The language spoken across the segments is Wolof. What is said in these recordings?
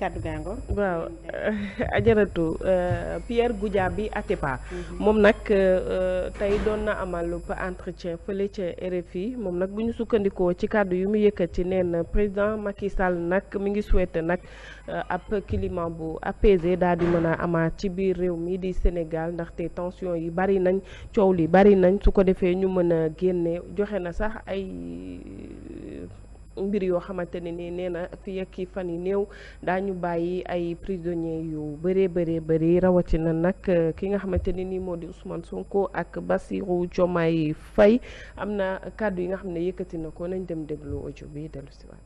kàddu gàngo waaw ajaratu euh, Pierre bi Atepa mhm. moom nag euh, tey doon na amal entretien fële ca RFI moom nag bu ñu sukkandikoo ci kàddu yi mu yëkkati neen président Macky Sall nag mi ngi souhaité nag euh, ab climat bu apaisé daal di mën a amaat ci biir réew mii di Sénégal ndaxte tension yi bari nañ coow lii bari nañ su ko defee ñu mën a génne joxe na sax ay mbir yoo xamante ne ni nee na fi yekki fan yi néew daañu bàyyi ay prisonniers yu bëree bëree bëri rawatina nag euh, ki nga xamante ne ni moo di Ousmane Sonko ak Bassirou Diomaye fay am na kàddu yi nga xam ne yëkkati na ko nañ dem déglu audio bi dellu si waat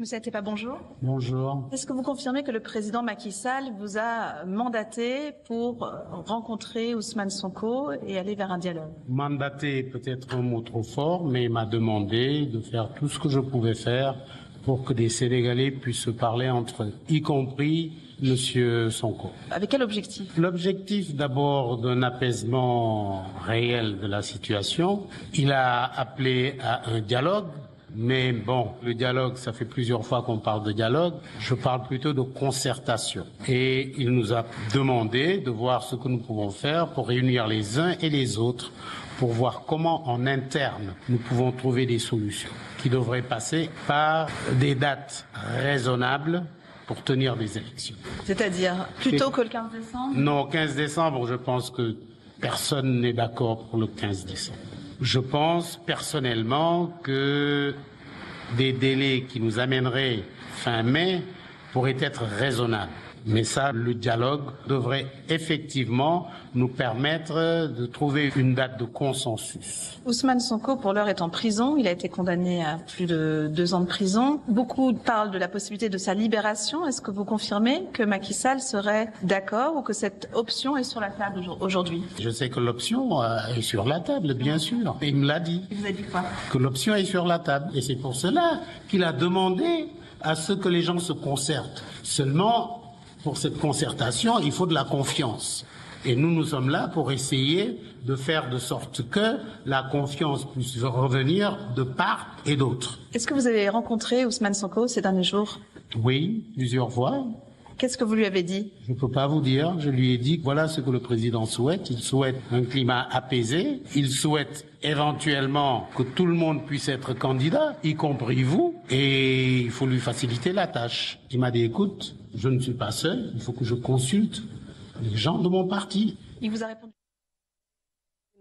Monsieur Atepa, bonjour. Bonjour. Est-ce que vous confirmez a mandaté pour rencontrer Ousmane Sonko et aller vers un dialogue Mandaté peut-être un mot trop fort, mais m'a demandé de faire tout ce que je pouvais faire pour que des Sénégalais puissent parler entre y compris Monsieur Sonko. Avec quel objectif L'objectif d'abord d'un apaisement réel de la situation. Il a appelé à un dialogue Mais bon, le dialogue, ça fait plusieurs fois qu'on parle de dialogue. Je parle plutôt de concertation. Et il nous a demandé de voir ce que nous pouvons faire pour réunir les uns et les autres pour voir comment en interne nous pouvons trouver des solutions qui devraient passer par des dates raisonnables pour tenir des élections. C'est-à-dire plutôt que le décembre Non, 15 décembre, je pense que personne n'est d'accord pour le décembre. Je pense personnellement que des délais qui nous amèneraient fin mai pourraient être raisonnables. Mais ça, le dialogue devrait effectivement nous permettre de trouver une date de consensus. Ousmane Sonko, pour l'heure, est en prison. Il a été condamné à plus de deux ans de prison. Beaucoup parlent de la possibilité de sa libération. Est-ce que vous confirmez que Macky Sall serait d'accord ou que cette option est sur la table aujourd'hui Je sais euh, que l'option est sur la table, Et c'est pour cela qu'il a demandé à ce que les gens se concertent. Seulement, pour cette concertation, il faut de la confiance. Et nous, nous sommes là pour essayer de faire de sorte que la confiance puisse revenir de part et d'autre. Est-ce que vous avez rencontré Ousmane Sonko ces derniers jours Oui, plusieurs fois. Qu'est-ce que vous lui avez dit Je ne peux pas vous dire. Je lui ai dit voilà ce que le président souhaite. Il souhaite un climat apaisé. Il souhaite éventuellement que tout le monde puisse être candidat, y compris vous. Et il faut lui faciliter la tâche. Il m'a dit écoute, je ne suis pas seul. Il faut que je consulte les gens de mon parti. Il vous a répondu.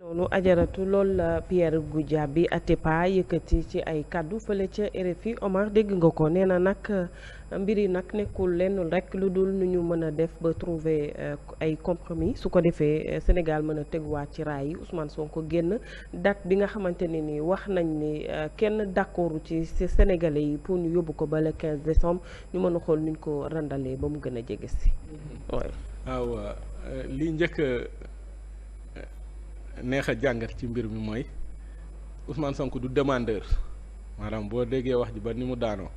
noonu la Pierre Goudiaby Atepa yëkkati ci ay kàddu fële ca RFI Omar dégg nga ko nee na mbir yi nag nekkul lenn rek lu dul nu ñu mën a def ba trouver euh, ay compromis su ko defee euh, Sénégal mën a teguwaat ci raay yi Ousmane Sonko génn date bi nga xamante ne nii wax nañ ni euh, kenn d'accord ci Sénégalais yi pour ñu yóbbu ko ba le 15 ñu mën a xool nuñ ko randalee ba mu gën a jege si. Mm-hmm. Ah, waaw li njëkk a neex a jàngat ci mbir mi mooy Ousmane Sonko du demandeur maanaam boo déggee wax ji ba ni mu daanoo.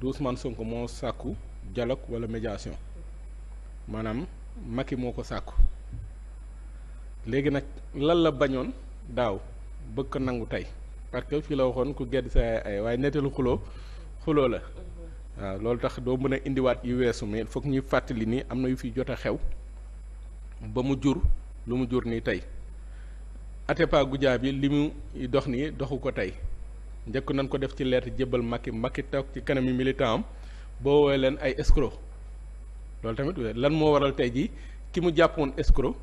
du sonk moo sàkku dialogue wala médiation maanaam Macky moo ko sàkku léegi nag lan la bañoon daaw bëgg ko nangu tey parce que fii la waxoon ku gedd sa ay waaye nettalu xuloo xuloo la waaw loolu tax doo mën a indiwaat yu weesu mais il ñuy fàttali nii am na yu fi jot a xew ba mu jur lu mu jur nii tey Atepa Goudiaby li mu dox nii doxu ko tey njëkk nañ ko def ci lettre jébbal Macky Macky toog ci kanami militant am boo woowee leen ay escroc loolu tamit lan moo waral tey jii ki mu jàppoon escroc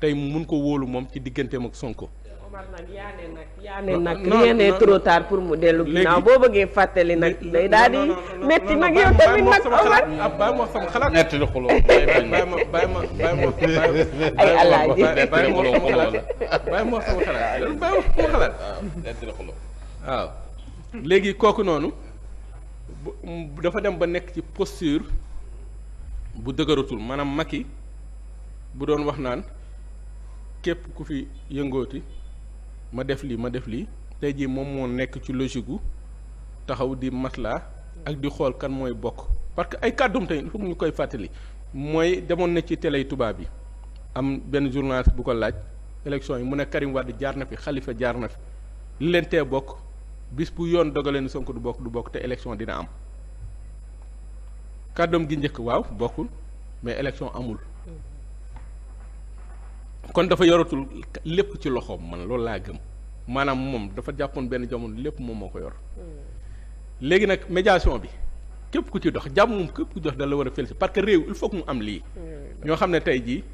tey mun ko wóolu moom ci digganteem ak Sonko. Omar nag yaa pour mu dellu boo bëggee fàttali nag day daal di metti nag yow tamit nag xuloo waaw léegi kooku noonu dafa dem ba nekk ci posture bu dëgëratul maanaam yi bu doon wax naan képp ku fi yëngooti ma def lii ma def lii tey jii moom moo nekk ci logique gu taxaw di maslaa ak di xool kan mooy bokk parce que ay kàddum tey fu ñu koy fàttali mooy demoon na ci télé tubaab yi am benn journaliste bu ko laaj élection yi mu ne Karim Wade jaar na fi xalifa jaar na fi li leen tee bokk. bis bu yoon dogalee ne sonk du bokk du bokk te élection dina am kàddoom gi njëkk waaw bokkul mais élection amul kon dafa yoratul lépp ci loxoom man loolu laa gëm maanaam moom dafa jàppoon benn jamono lépp moom moo ko yor léegi nag médiation bi képp ku ci dox jàmm moom képp ku dox da la war a félicité parce que réew il faut mu am lii ñoo xam ne tey jii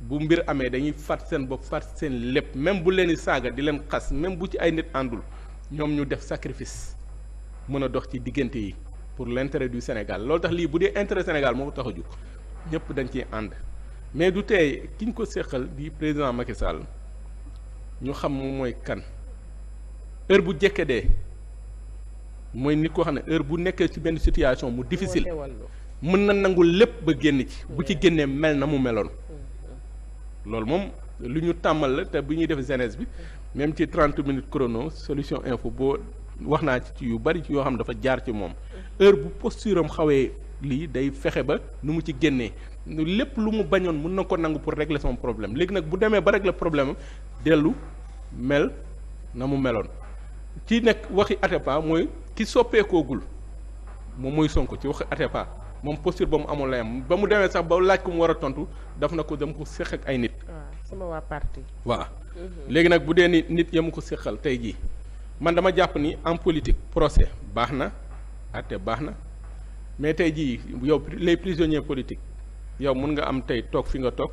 bu mbir amee dañuy fàtt seen bopp fàtt seen lépp même bu leen saaga di leen xas même bu ci ay nit àndul ñoom ñu def sacrifice mën a dox ci diggante yi pour l'intérêt du Sénégal loolu tax lii bu dee intérêt Sénégal moo ko tax a jóg ñëpp dañ ciy ànd mais du tey kiñ ko séqal di président Macky Sall ñu xam moom mooy kan heure bu jekke dee mooy nit koo xam ne heure bu nekkee ci benn situation mu difficile mën na nangu lépp ba génn ci bu ci génnee mel na mu meloon mm-hmm. loolu moom lu ñu tàmbal la te bu ñuy def jeunesse bi même ci trente minutes chrono solution info boo wax naa ci yu bari ci yoo xam ne dafa jaar ci moom heure bu posture am xawee lii day fexe ba nu mu ci génnee lépp lu mu bañoon mën na ko nangu pour régler son problème léegi nag bu demee ba régler problème dellu mel na mu meloon ci nekk waxi Atepa mooy ki soppeekoogul moom mooy Sonko ci waxi Atepa moom posture ba mu amul lay ba mu demee sax ba laaj ko mu war a tontu daf na ko dem ko seq ak ay nit. waaw sama waa Mhm. léegi nag bu dee ni nit yemu ko séqal tey jii man dama jàpp ni en politique procès baax na àtte baax na mais tey jii yow les prisonniers politiques yow mun nga am tey toog fi nga toog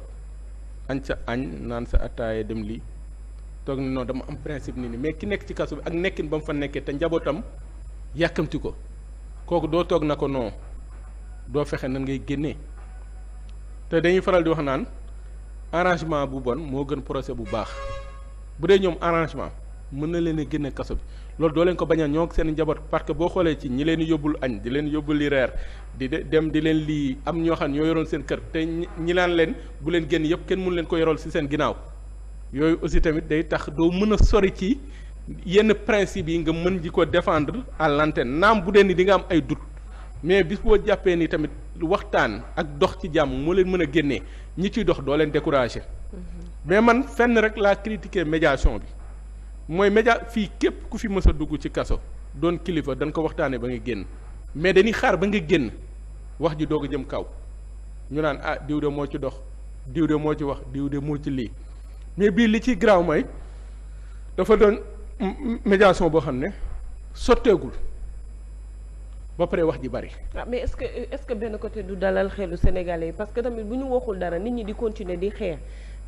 añ sa añ naan sa attaaye dem lii toog ni non dama am principe ni ni mais ki nekk ci kaso bi ak nekkin ba mu fa nekkee te njabootam yàkkamti ko kooku doo toog na ko non doo fexe nan ngay génnee te dañuy faral di wax naan arrangement bu bon moo gën procès bu baax bu dee ñoom arrangement mën na leen a génne kaso bi loolu doo leen ko bañal ñoo seen njaboot parce que boo xoolee ci ñi leen yóbbul añ di leen yóbbul li reer di de dem di leen lii am ñoo xam ñoo yoroon seen kër te ñi laan leen bu leen génn yëpp kenn mun leen ko yorol ci seen ginnaaw yooyu aussi tamit day tax doo mën a sori ci yenn principe yi nga mën ji ko defendre à naam bu dee ni di nga am ay doute mais bis boo jàppee nii tamit waxtaan ak dox ci jàmm moo leen mën a génnee ñi ciy dox doo leen découragé mm-hmm. mais man fenn rek laa critiquer médiation bi mooy média fii képp ku fi mës a dugg ci kaso doon kilifa dañ ko waxtaanee ba nga génn mais dañuy xaar ba nga génn wax ji doog a jëm kaw ñu naan ah diwde moo ci dox diw moo ci wax diw de ci lii mais bii li ciy garaaw mooy dafa doon médiation boo xam ne sotteegul. ba pare wax ji bari. ah mais est-ce que est-ce que benn côté du dalal xelu sénégalais yi parce que tamit bu ñu waxul dara nit ñi di continuer di xeex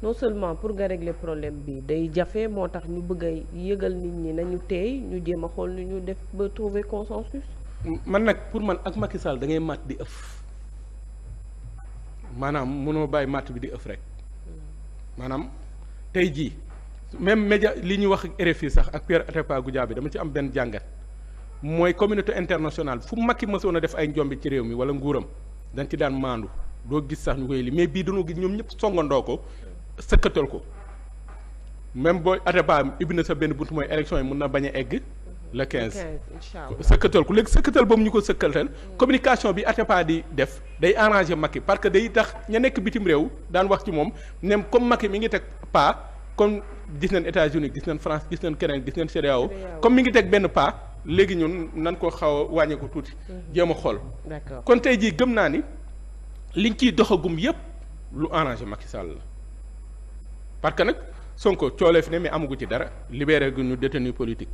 non seulement pour nga régler problème bi day jafe moo tax ñu bëgg a yëgal nit ñi nañu teey ñu jéem a xool nu ñu def ba trouver consensus. man nag pour man ak Macky Sall da ngay matt di ëf maanaam mënoo bàyyi matt bi di ëff rek maanaam tey jii même média li ñuy wax ak RFI sax ak Pierre Atepa Goudiaby dama ci am benn jàngat. mooy communauté internationale fu Macky mësoon a def ay njombi ci réew mi wala nguuram dañ ci daan maandu doo gis sax ñu koy li mais bii dañoo gis ñoom ñëpp songandoo ko sëkkatal ko même booy Atépa ibbi na sa benn bunt mooy élection yi mun na bañ a egg. le 15 sëkkatal ko léegi sëkkatal boobu ñu ko sëkkatal communication bi Atépa di def day arrangé Macky parce que day tax ña nekk bitim réew daan wax ci moom nem comme Macky mi ngi teg pas comme gis nañ États-Unis gis nañ France gis nañ keneen gis nañ CEDEAO e comme mi ngi teg benn pas. léegi ñun nan ko xaw a wàññeeku tuuti. Mhm. jéem a xool. d'accord kon tey jii gëm naa ni li liñ ciy doxagum yépp lu arrangé Macky Sall la parce que nag Sonko coolee fi ne mais amagu ci dara libéré gu ñu détenu politique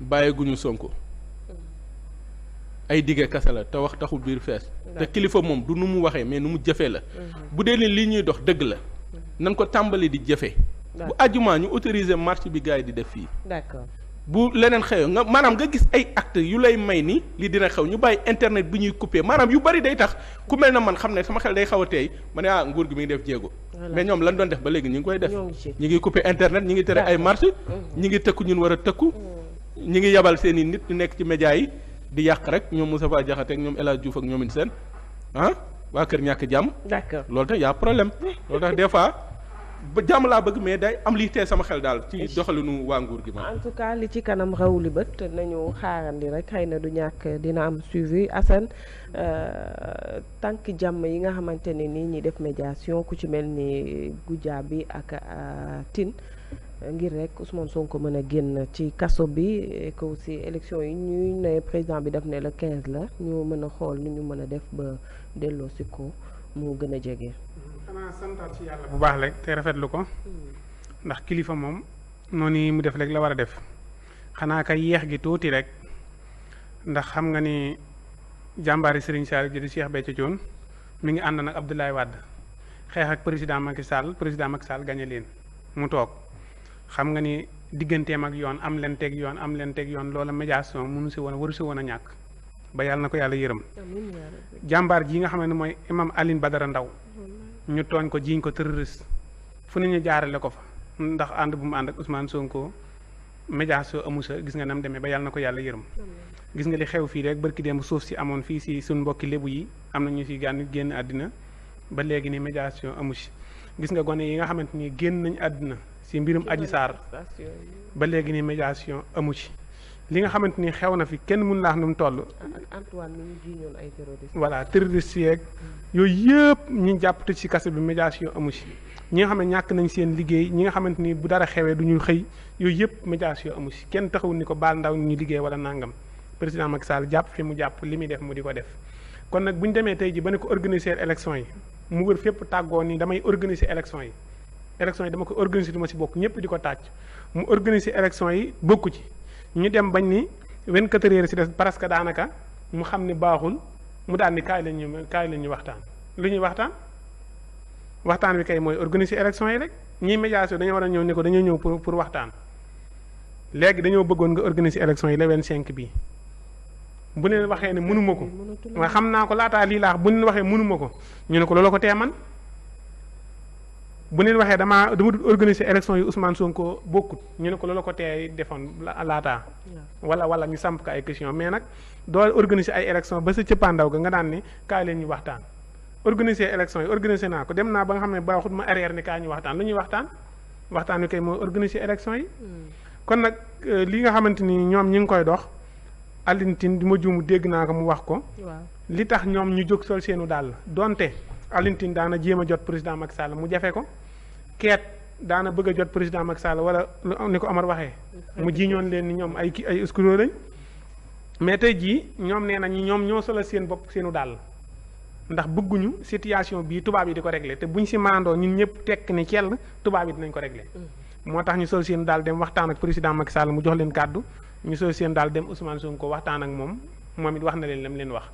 mhm. bàyyi gu ñu Sonko mhm. ay diggee kasa la te wax taxul biir fees. te kilifa moom du nu mu waxee mais nu mu jëfee la. bu dee ni lii ñuy dox dëgg la nan ko tàmbali di jëfee. bu àjjumaa ñu autoriser marche bi gars yi di def fii. d'accord. bu leneen xew nga maanaam nga gis ay act yu lay may ni lii dina xew ñu bàyyi internet bi ñuy coupé maanaam yu bari day tax ku mel na man xam ne sama xel day xaw a teey ma ne ah nguur gi mi ngi def jéego. mais ñoom lañ doon def ba léegi ñu ngi koy def. ñu ngi coupé internet ñu ngi tere ay marche mm-hmm. ñi ngi tëkku ñun war a tëkku. Mm. ñu ngi yabal seen i nit ñu nekk ci média yi di yàq rek ñoom Moustapha Diakhaté ak ñoom El Hadj Diouf ak ñoom seen ah waa Kër Ñàkk Jàmm. d'accord loolu tax y a problème loolu tax des fois ba jàmm laa bëgg mais day am lii tee sama xel daal ci doxalinu waa nguur gi ma en tout cas li ci kanam rawuli bët nañu xaarandi rek xëy na du ñàkk dina am suivi Assane euh, tànk jàmm yi nga xamante ne nii ñi def médiation ku ci mel ni gujaa bi ak euh, tin ngir rek Ousmane Sonko mën a génn ci kaso bi et si aussi yi ñuy ne président bi daf ne le 15 la ñoo mën a xool nu ñu mën a def ba delloo si ko mu gën a jege. xanaa bu baax rek te rafetlu ko ndax kilifa moom noonu mu def rek la war a def xanaa kay yéex gi tuuti rek ndax xam nga ni jàmbaari Serigne Sall ji di Cheikh Béthio mu ngi ànd nag Abdoulaye Wade xeex ak président Macky Sall président Macky Sall gañe leen mu toog xam nga ni digganteem ak yoon am leen teg yoon am leen teg yoon loola médiation mënu si woon waru si woon a ñàkk ba yàlla na ko yàlla yërëm jàmbaar ji nga xam ne mooy imam Alioune Badara ndaw ñu tooñ ko jiiñ ko terroriste fu ne ñu jaarale ko fa ndax ànd bu mu ànd ak Ousmane Sonko amu sa gis nga nam demee ba yàlla na ko yàlla yërëm gis nga li xew fii rek barki démb suuf si amoon fii si suñ mbokki lébu yi am na ñu si gànn génn àddina ba léegi ni médiation amu si gis nga gone yi nga xamante ni génn nañ àddina si mbirum aji saar ba léegi ni médiation amu si li nga xamante ni xew na fi kenn mën laax nu toll. Antoine mi ñu jiiñoon ay terroristes. voilà terroristes yeeg yooyu yëpp ñu jàpp tëj ci kaso bi médiation amu ci ñi nga xam ne ñàkk nañ seen liggéey ñi nga xamante ni bu dara xewee du ñu xëy yooyu yëpp médiation amu ci kenn taxawul ni ko baal ndaw ñu liggéey wala nàngam président Macky Sall jàpp fi mu jàpp li muy def mu di ko def. kon nag bu ñu demee tey ji ba ne ko organiser élection yi mu wër fépp tàggoo ni damay organiser élection yi élection dama ko organiser du ma ci bokk ñëpp di ko tàcc mu organiser élection yi bokku ci ñu dem bañ ni 24 heures si des presque daanaka mu xam ni baaxul mu daal di kaay la ñu kaay la ñu waxtaan lu ñuy waxtaan waxtaan bi kay mooy organiser élection yi rek ñii médiation dañoo war a ñëw ni ko dañoo ñëw pour pour waxtaan léegi dañoo bëggoon nga organiser élection yi le 25 bii bu leen waxee ne mënuma ko waaye xam naa ko laataa lii laax bu leen waxee mënuma ko ñu ne ko loolu ko tee man bu neen waxee damaa dama dul organiser élection yi Ousmane Sonko bokkut ñu ne ko loola ko tee defoon laataa. wala wala ñu samp ko ay question mais nag doo organiser ay élection ba sa cëppaandaw ga nga daan ni kaay leen ñu waxtaan. organiser élection yi organiser naa ko dem naa ba nga xam ne baaxut ma arrière ni kaay ñu waxtaan lu ñuy waxtaan waxtaan wi kay mooy organiser élection yi. Mm. kon nag euh, li nga xamante ni ñoom ñi ngi koy dox. Alioune Tine di ma juumu dégg naa ko mu wax ko. li tax ñoom ñu jóg sol seenu daal donte Alioune Tine daana jéem a jot président Macky Sall mu jafe ko. keet daana bëgg jot président Macky Sall wala ni ko Omar waxee. mu jiiñoon leen ni ñoom ay ki ay escroc lañ. mais tey jii ñoom nee nañ ñoom ñoo solal seen bopp seenu daal ndax bëgguñu situation bii tubaab yi di ko réglé te buñ si maandoo ñun ñëpp tekk ni kell tubaab yi dinañ ko réglé. Mm. moo tax ñu sol seen daal dem waxtaan ak président Macky Sall mu jox leen kàddu ñu sol seen daal dem Ousmane ko waxtaan ak moom moom it wax na leen lam leen wax.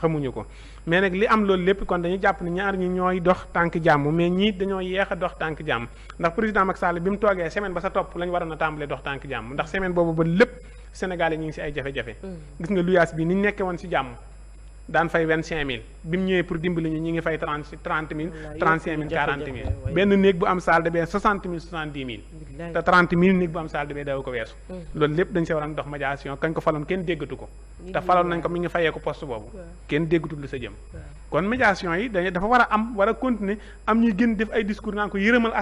xamuñu ko mais nag li am loolu lépp kon dañu jàpp ne ñaar ñi ñooy dox tànk jàmm mais ñii dañoo yéex a dox tànk jàmm ndax président Macky Sall bi mu toogee semaine ba sa topp lañ waroon a tàmbalee dox tànk jàmm ndax semaine boobu ba lépp Sénégal yi ñu ngi si ay jafe-jafe mm. gis nga luyaas bi ni nekkee woon si jàmm daan fay vingt cinq mille bi mu ñëwee pour dimbali ñu ñi ngi fay trente mille trente cinq mille quarante mille benn néeg bu am salle de bain soixante mille soixante dix mille te mille néeg bu am salle de bain daw ko weesu mm. loolu lépp dañ si waroon dox kañ ko faloon kenn déggatu ko te faloon nañ ko mi ngi fayee ko poste boobu kenn déggatu lu sa jëm kon médiation yi dañ dafa war a am war a continuer am ñuy gën def ay discours naan ko yërëmal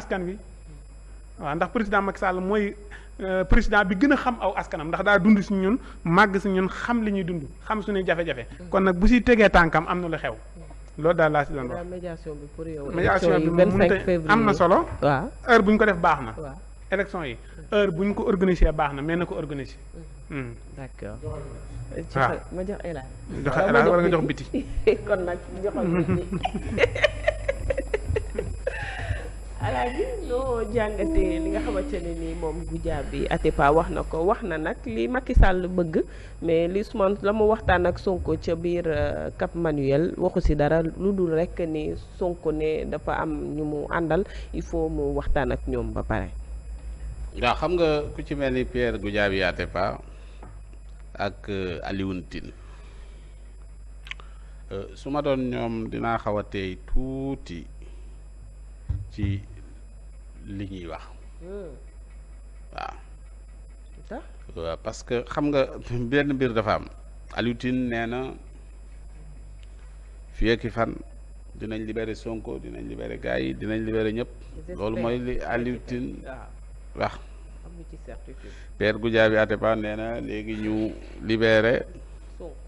Euh, président bi gën a xam aw askanam ndax daa dund si ñun màgg si ñun xam li ñuy dund xam suñuy jafe-jafe. Mm. kon nag bu si tegee tànkam am na lu xew. Mm. loolu daal laa si doon wax médiation bi pour yow. médiation bi moom am na solo. waaw heure bu ñu ko def baax na. waaw élection yi mm. heure bu ñu ko organiser baax na mais na ko organiser. d'accord. joxe ma jox El Hadj. joxe nga jox biti. kon biti. alaaji noo jàngatee li nga xamante ne nii moom Goudiaby Atépa wax na ko wax na nag li Macky Sall bëgg mais li Ousmane la mu waxtaan ak Sonko ca biir euh, Cap Manuel waxu dara lu dul rek ni Sonko ne dafa am ñu mu àndal il faut mu waxtaan ak ñoom ba pare. waaw xam nga ku ci mel ni Pierre Goudiaby Atépa ak euh, Alioune euh, su ma doon ñoom dinaa xaw a teey tuuti. li ñuy wax hmm. waaw waaw parce que xam nga benn mbir dafa am Alioune Tine nee na fii fan dinañ libere Sonko dinañ libere gars yi dinañ libere ñëpp loolu mooy li Alioune Tine wax Pierre Goudiaby Atepa nee na léegi ñu libere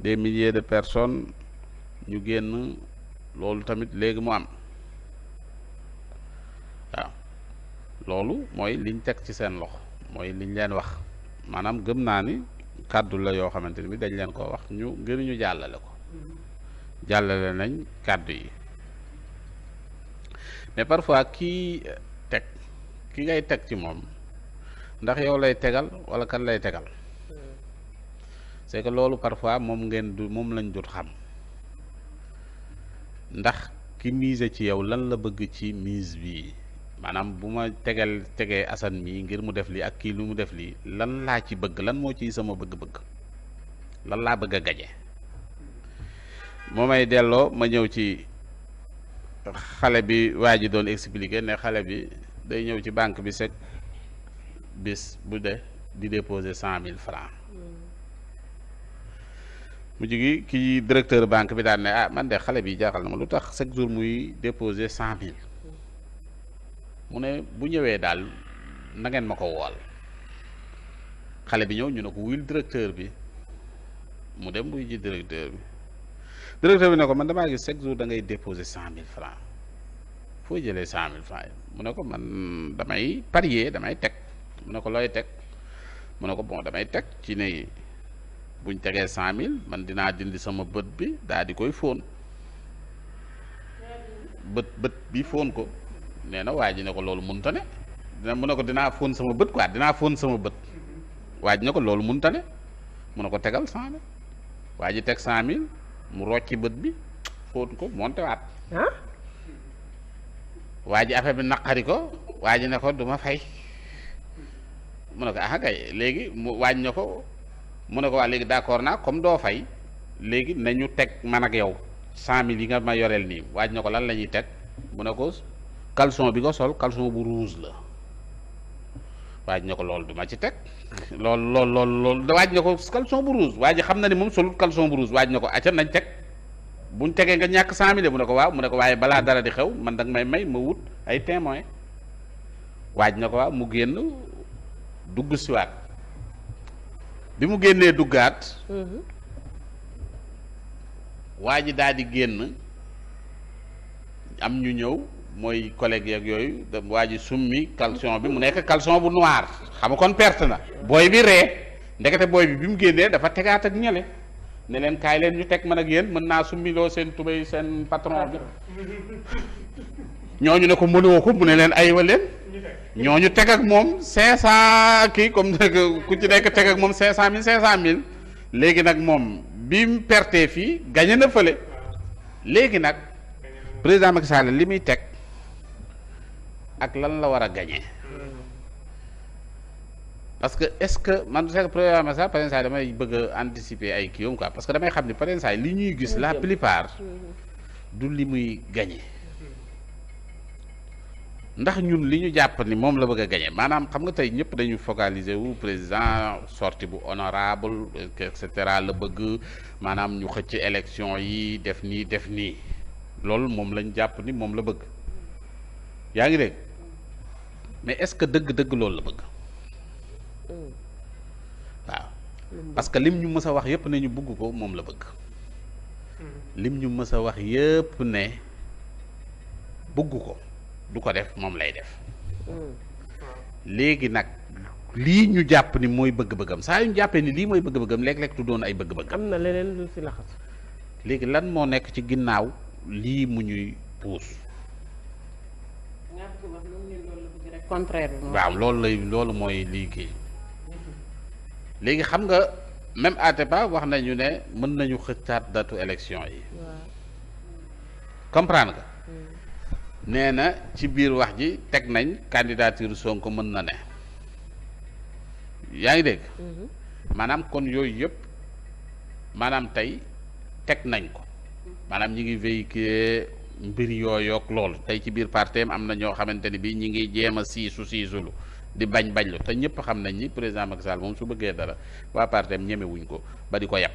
des milliers de personnes ñu génn loolu tamit léegi mu am loolu mooy liñ teg ci seen loxo mooy liñ leen wax maanaam gëm naa ni kàddu la yoo xamante ni bi dañ leen ko wax ñu ngir ñu jàllale ko jàllale nañ kàddu yi mais parfois kii teg ki ngay teg ci moom ndax yow lay tegal wala kan lay tegal c'est que loolu parfois moom ngeen du moom lañ dut xam ndax ki mise ci yow lan la bëgg ci mise bii maanaam bu ma tegal tegee Assane mii ngir mu def lii ak kii lu mu def lii lan laa ci bëgg lan moo ciy sama bëgg-bëgg lan laa bëgg a gaje moo may delloo ma ñëw ci xale bi waa ji doon expliquer ne xale bi day ñëw ci banque bi sec bis bu de di dépose cent mille francs hmm. mu jigi kii directeur banque bi daan ne ah man de xale bi jaaxal na ma lu tax chaque jour muy déposer cent mille mu ne bu ñëwee daal na ngeen ma ko wool xale bi ñëw ñu ne ko wuyul directeur bi mu dem buy ji directeur bi directeur bi ne ko man damaa gis chaque jour da ngay déposer cent mille francs foo jëlee cent mille francs mu ne ko man damay parier damay teg mu ne ko looy teg mu ne ko bon damay teg ci ne buñ tegee cent mille man dinaa dindi sama bët bi daal di koy fóon bët bët bi fóon ko nee na waa ji ne ko loolu mënta ne dina mun ne ko dinaa fóon sama bët quoi dinaa fóon sama bët waaj ji ne ko loolu mun ne mu na ko tegal cent mille waa ji teg cent mille mu rocci bët bi fóon ko monte ah? waa ji affaire bi naqari ko waa ji ne ko du ma fay ko ah léegi mu waañ na ko mu ne ko waa léegi d'accord naa comme doo fay léegi nañu teg man ak yow cent mille yi nga ma yoreel nii waaj na ko lan la ñuy teg mu ne ko caleçon bi nga sol caleçon bu rouge la waaj na ko loolu duma ci teg lool lool lool lool da waaj na ko caleçon bu rouge waa xam na ni moom solut caleçon bu rouge waaj na ko acca nañ teg buñ tegee nga ñàkk cent mille mu ne ko waaw mu ne ko waaye balaa dara di xew man danga may may ma wut ay témoin waaj na ko waaw mu génn dugg siwaat bi mu génnee duggaat mhm. waa ji daal di génn am ñu ñëw mooy collègue yeeg yooyu da waa ji summi caleçon bi mu nekk caleçon bu noir xam nga kon perte na booy bi ree ndekete booy bi bi mu génnee dafa tegaat ak ñële ne leen kaay leen ñu teg man ak yéen mën naa summiloo seen tubéy seen patron bi ñooñu ne ko mënoo ko mu ne leen aywa leen ñooñu teg ak moom cinq cent kii comme ku ci nekk teg ak moom cinq cent mil cinq cent mille léegi nag moom bi mu pertee fii gañe na fële léegi nag président Macky Sall li muy teg ak lan la war a gañe parce que est ce que man c'est que programme sax par exemple damay bëgg a anticiper ay kii quoi parce que damay xam ne par exemple li ñuy gis la plupart mm-hmm. du li muy gañe ndax ñun li ñu jàpp ni moom la bëgg a gagné maanaam xam nga tey ñëpp dañu focaliser wu président sorti bu honorable et la bëgg maanaam ñu xëcc élection yi def nii def nii loolu moom lañ jàpp ni moom la bëgg yaa ngi dégg mais est-ce que dëgg-dëgg loolu la bëgg waaw parce que lim ñu mës a wax yépp ne ñu bugg ko moom la bëgg lim ñu mës a wax yépp ne bugg ko du ko def moom lay def léegi nag lii ñu jàpp ni mooy bëgg-bëggam saa yu ñu jàppee ni lii mooy bëgg-bëggam léeg lekk du doon ay bëgg-bëggam. am na leneen lu léegi lan moo nekk ci ginnaaw lii mu ñuy puus contraire bi. waaw loolu lay loolu mooy lii kii léegi xam nga même ba wax nañu ne mën nañu xëccaat datu élection yi. comprendre nga. Hmm. nee na ci biir wax ji teg nañ candidature Sonko mën na ne. yaa ngi dégg. Hmm. maanaam kon yooyu yëpp maanaam tey teg nañ ko hmm. maanaam ñi ngi véhiculer. mbir yooyook loolu tey ci biir parteem am na ñoo xamante ni bi ñi ngi jéem a siisu siisulu di bañ bañlu te ñëpp xam nañ ni président Macky moom su bëggee dara waa parteem ñemewuñ ko ba di ko yàpp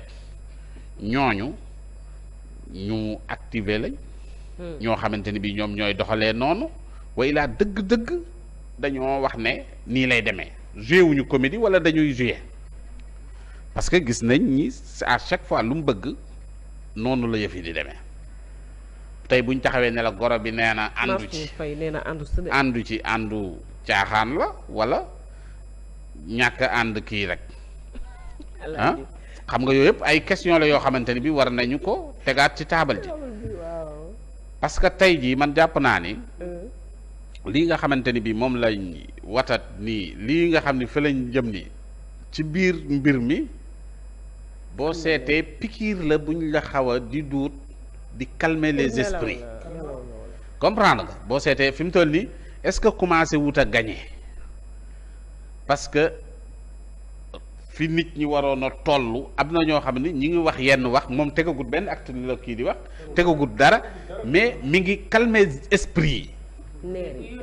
ñooñu ñu activer lañ hmm. ñoo xamante ni bi ñoom ñooy doxalee noonu way laa dëgg-dëgg dañoo wax ne nii lay demee joué wuñu comédie wala dañuy joué parce que gis nañ ni à chaque fois lu mu bëgg noonu la yëf yi di demee tey buñ taxawee ne la goro bi nee na àndu ci àndu ci àndu caaxaan la wala ñàkk ànd kii rek ah? xam nga yooyu yëpp ay question la yoo xamante ni bi war nañu ko tegaat ci taabal ji parce que tey jii man jàpp naa ni mm. lii nga xamante ni bi moom lañ watat nii lii nga xam ni fi lañ jëm ni ci biir mbir mi boo mm. seetee pikiir la buñ la xaw a di duut di calmer les esprits comprendre nga boo seetee fi mu toll nii est-ce que commencé wut a gagné parce que fi nit ñi waroon a toll am na ñoo xam ne ñi ngi wax yenn wax moom tegagut benn acte la kii di wax tegagut dara mais mi ngi calmer esprit yi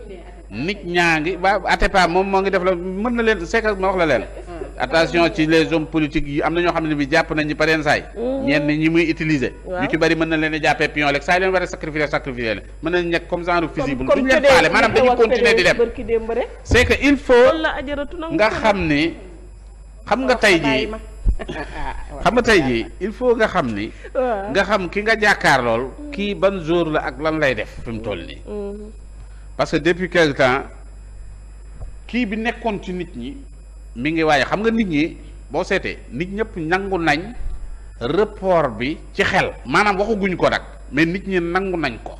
nit ñaa ngi waaw Atepa moom moo ngi def la mën na leen sekk ma wax la leen attention ci les hommes politiques yi am na ñoo xam ne bi jàpp nañ ñi pareen saay mm-hmm. ñenn ñi muy utiliser ñu ci bëri mën na leen a jàppee pion rek saa leen war a sacrifier sacrifier leen mën nañ nekk comme genre fusil bu duñ leen faale maanaam dañu continuer di nga xam ni xam nga tey jii xam nga tey jii il faut nga xam ni nga xam ki nga jàkkaar lool mm. kii ban jour la ak lan lay def fi mu toll nii mm-hmm. parce que depuis quelque temps kii bi nekkoon ci nit ñi mi ngi waaye xam nga nit ñi boo seetee nit ñëpp nangu nañ report bi ci xel maanaam waxaguñ ko nag mais nit ñi nangu nañ ko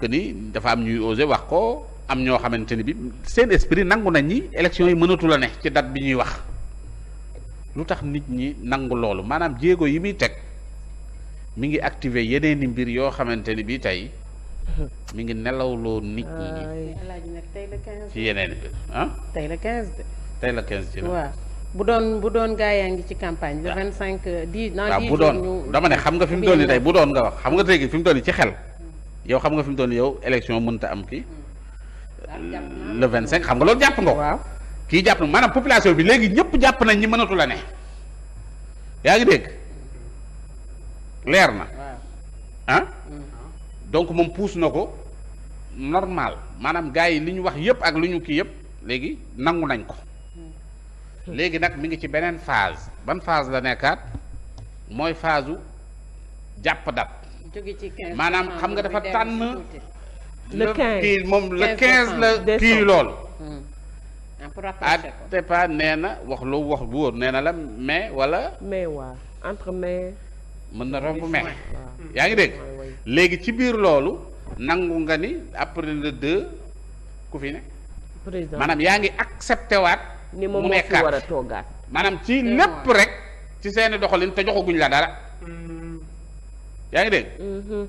que ni dafa am ñuy osé wax ko am ñoo xamante ni bi seen esprit nangu nañ ñi élection yi mënatu la ne ci date bi ñuy wax lu tax nit ñi nangu loolu maanaam jéego yi muy teg mu ngi activé yeneen i mbir yoo xamante ni bi tey mi ngi nelawloo nit ñi. ci yeneen ah. tey la quinze de. tey la quinze de waaw. bu doon bu doon gaa yaa ngi ci campagne. Ah. Euh, waaw dix dans dix bu doon dama ne xam nga fi mu doon nii tey bu doon nga wax xam nga tey fi mu doon nii ci xel. yow xam nga fi mu doon yow élection mënta am kii. le vingt cinq xam nga loolu jàpp nga ko. kii jàpp na a population bi léegi ñëpp jàpp nañ ñi mënatu la ne. yaa ngi dégg leer na. donc moom puus na ko normal maanaam gars yi li ñu wax yëpp ak lu ñu kii yëpp léegi nangu nañ ko hmm. léegi nag mu ngi ci beneen phase ban phase la nekkaat mooy phase u jàpp dat maanaam xam nga dafa tànn le kii moom la kii lool hmm. atepa ah, ah, nee na wax lu wax bu wóor nee na la mais wala mai waa mën na romb meex yaa ngi dégg léegi ci biir loolu nangu nga ni après le deux ku fi nekk président maanaam yaa ngi accepté waat. ni moom moo fi a toogaat maanaam ci lépp rek ci seeni doxalin te joxaguñ la dara. Mm-hmm. yaa ngi dégg. Mm-hmm.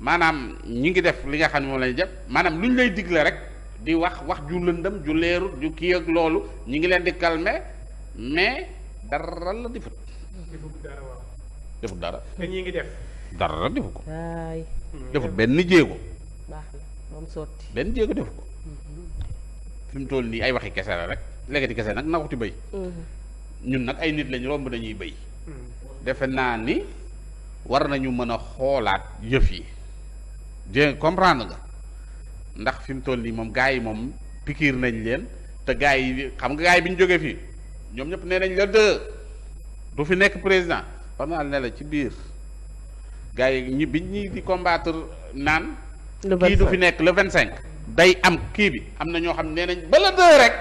maanaam ñi ngi def li nga xam ne moom lañu jëpp maanaam luñ lay digle rek di wax wax ju lëndëm ju leeru ju kii ak loolu ñi ngi leen di calmer mais dara la di fut defut dara. te ngi def. dara defu ko. defut benn jéego. baax na benn jéego defu ko. Mhm. fi mu toll nii ay waxi kese la rek lekkati kese nag naxuti béy. Mhm. ñun nag ay nit lañu romb dañuy béy. Mhm. defe naa ni war nañu mën a xoolaat yëf yi. je comprendre nga ndax fi mu toll nii moom gars yi moom pikiir nañ leen te gars yi xam nga gars yi bi ñu jógee fii ñoom ñëpp nee nañ la deux du fi nekk président. wax naa ne la ci biir gars yi ñi biñ ñi di combattre naan. kii du fi nekk le vingt cinq. day am kii bi am na ñoo xam nee nañ ba la deux rek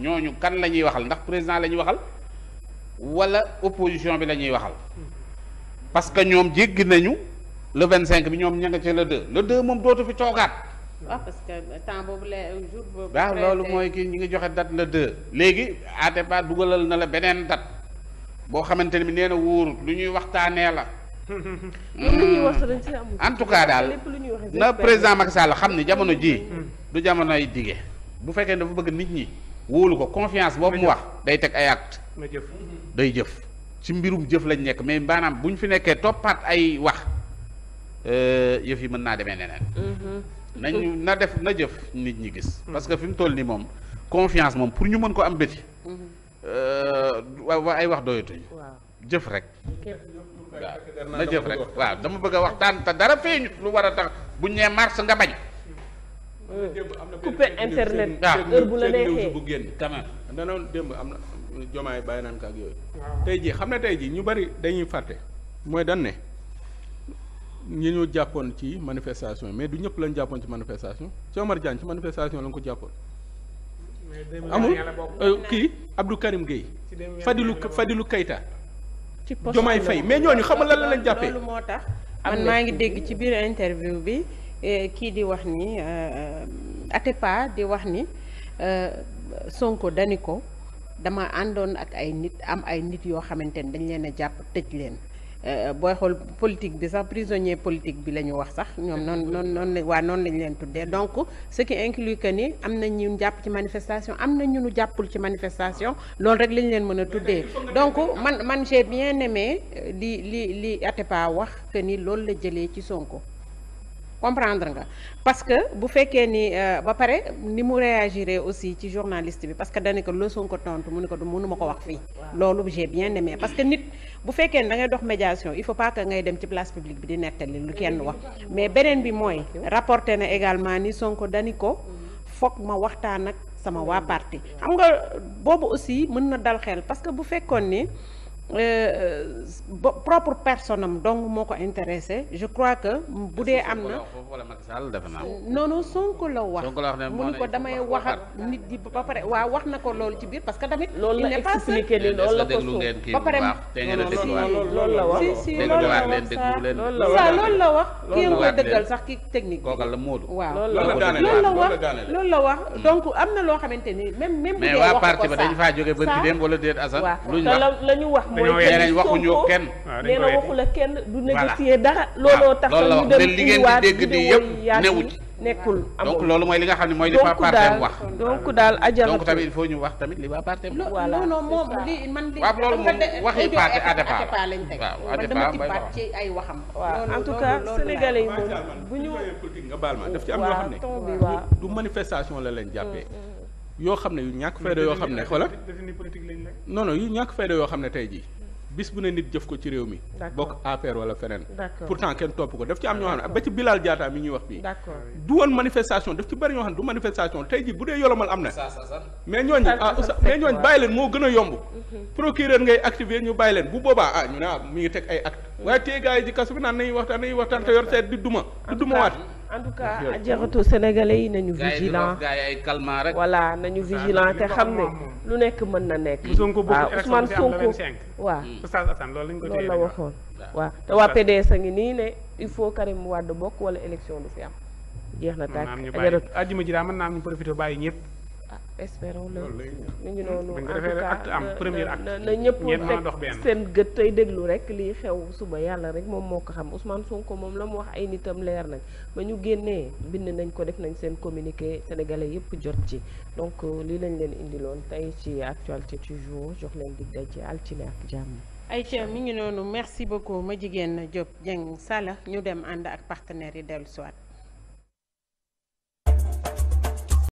ñooñu kan la ñuy waxal ndax président la ñuy waxal wala opposition bi la ñuy waxal parce que ñoom jéggi nañu le vingt cinq bi ñoom ña nga ci le deux le deux moom dootu fi toogaat. waaw parce que temps boobu la jour mooy kii ngi joxe date le deux léegi Atepa dugalal na la beneen date. boo xamante ne bi nee na wóorul lu ñuy waxtaanee la. en tout cas daal na président Macky Sall xam ne jamono ji mm. mm. du jamono ay dige bu fekkee dafa bëgg nit ñi wóolu ko confiance boobu mu wax day teg ay acte day jëf ci mbirum jëf lañ nekk mais maanaam bu ñu fi nekkee toppaat ay wax euh, yëf yi mën naa demee neneen mm-hmm. nañu na def na jëf nit ñi gis mm. parce que fi mu toll nii moom confiance moom pour ñu mën ko am bëti mm-hmm. Euh, waaw ay wax doyatuñu. jëf rek. waaw na jëf rek waaw dama bëgg a wax te dara feeñut lu war a tax bu ne mars nga bañ. Euh, coupé internet. Ah. heure bu la bu génn quand même démb am na jomaay bàyyi naan ko ak yooyu. tey jii xam ne tey jii ñu bari dañuy fàtte mooy dan ne ñi ñu jàppoon ci manifestation mais du ñëpp lañ jàppoon ci manifestation Omar Diagne ci manifestation lañ ko jàppoon. amul euh, kii Abdou Karim Gueye Fadilou Fadilou Keita ci poste Diomaye Faye mais ñooñu xam nga lan lañ jàppee moo tax man maa ngi dégg ci biir interview bi eh, kii di wax ni ate euh, euh, Atepa di wax ni Sonko dani ko dama àndoon ak ay nit am ay nit yoo xamante ni dañ leen a jàpp tëj leen Euh, booy xool politique bi sax prisonnier politique bi la ñu wax sax ñoom noonu noonu noonu la waa noonu lañ leen tuddee donc ce qui inclut ni am na ñu jàpp ci manifestation am na ñu nu jàppul ci manifestation loolu rek lañ leen mën a tuddee donc man man j'ai bien aimé euh, li li li Atepa wax que ni loolu la jëlee ci Sonko comprendre nga parce que bu fekkee ni euh, ba pare ni mu réagiré aussi ci journaliste bi parce que dañu ko loo Sonko tontu mu ne ko du mënuma ko wax fii loolu j'ai bien aimé parce que nit bu fekkee ni da dox médiation il faut pas ngay dem ci place publique bi di nettali lu kenn wax mais beneen bi mooy rapporté na également ni Sonko dañu ko mm-hmm. foog ma waxtaan ak sama waa mm-hmm. parti xam nga boobu aussi mën na dal xel parce que bu fekkoon nii Euh, euh, ba propre personne am moo ko intéressé je crois que bu dee am na euh, non non Sonko la wax ne mu ni ko damay wax ak nit di ba pare waaw wax na ko loolu ci biir parce que tamit loolu la expliqué ni loolu la ko suuf ba pare loolu la wax si si loolu la wax saa loolu la wax kii nga koy dëggal sax ki technique bi waaw loolu la wax loolu la wax donc am na loo xamante ni même même bu dee wax ko sax waaw te la ñu wax mooy kenn waxuñu kenn ah, nee na waxu la kenn du négocier dara looloo tax ñu dem li ngeen di dégg nii yëpp newut nekkul amul loolu mooy li nga xam ne mooy li waa partem wax donc daal ajala donc tamit il faut ñu wax tamit li waa partem voilà non non moom li man li waaw loolu moom waxi parti ADEPA lañ waaw ADEPA mooy ci ay waxam waaw en tout cas sénégalais yi moom bu ñu politique ma daf ci am yoo xam ne du manifestation la leen jàppee mm, mm, mm. yoo xam ne yu ñàkk fayda yoo xam ne xoola non non yu ñàkk fayda yoo xam ne tey ji bis bu ne nit jëf ko ci réew mi bokk APR wala feneen pourtant kenn topp ko daf ci am ñoo xam ne ba ci Bilal Diatta mi ñuy wax bii du woon manifestation daf ci bëri ñoo xam ne du manifestation tey jii bu dee yolomal am na mais ñooñ ah mais ñooñ bàyyi leen moo gën a yomb mhm. procureur ngay activer ñu bàyyi leen bu boobaa ah ñu ne ah mi ngi teg ay acte mhm. waaye tey gars yi waxtaan nañuy waxtaan te yor seet di duma di en tout cas ajaratu sénégalais yi nañu vigilant gars yi ay calmant rek voilà nañu vigilant te xam ne lu nekk mën na nekk Sonko waaw Ousmane Sonko waaw mm. loolu la waxoon waa te waa PDS sa ngi nii ne il faut Karim Wade bokk wala élection du fi am jeex na tàkk ajaratu ajjuma ji daa mën na am ñu profité bàyyi ñëpp espérons le mu ngi noonu am tout cas na na ñëpp teg seen gët tey déglu rek lii xew suba yàlla rek moom moo ko xam Ousmane Sonko moom la mu wax ay nitam leer nañ ba ñu génnee bind nañ ko def nañ seen communiqué sénégalais yëpp jot ci donc euh, lii lañ leen indiloon tey ci actualité du jour jox leen dig ci altine ak jàmm Aïcha mi ngi noonu merci beaucoup ma jigéen na jot Dieng Sala ñu dem ànd ak partenaires yi dellu siwaat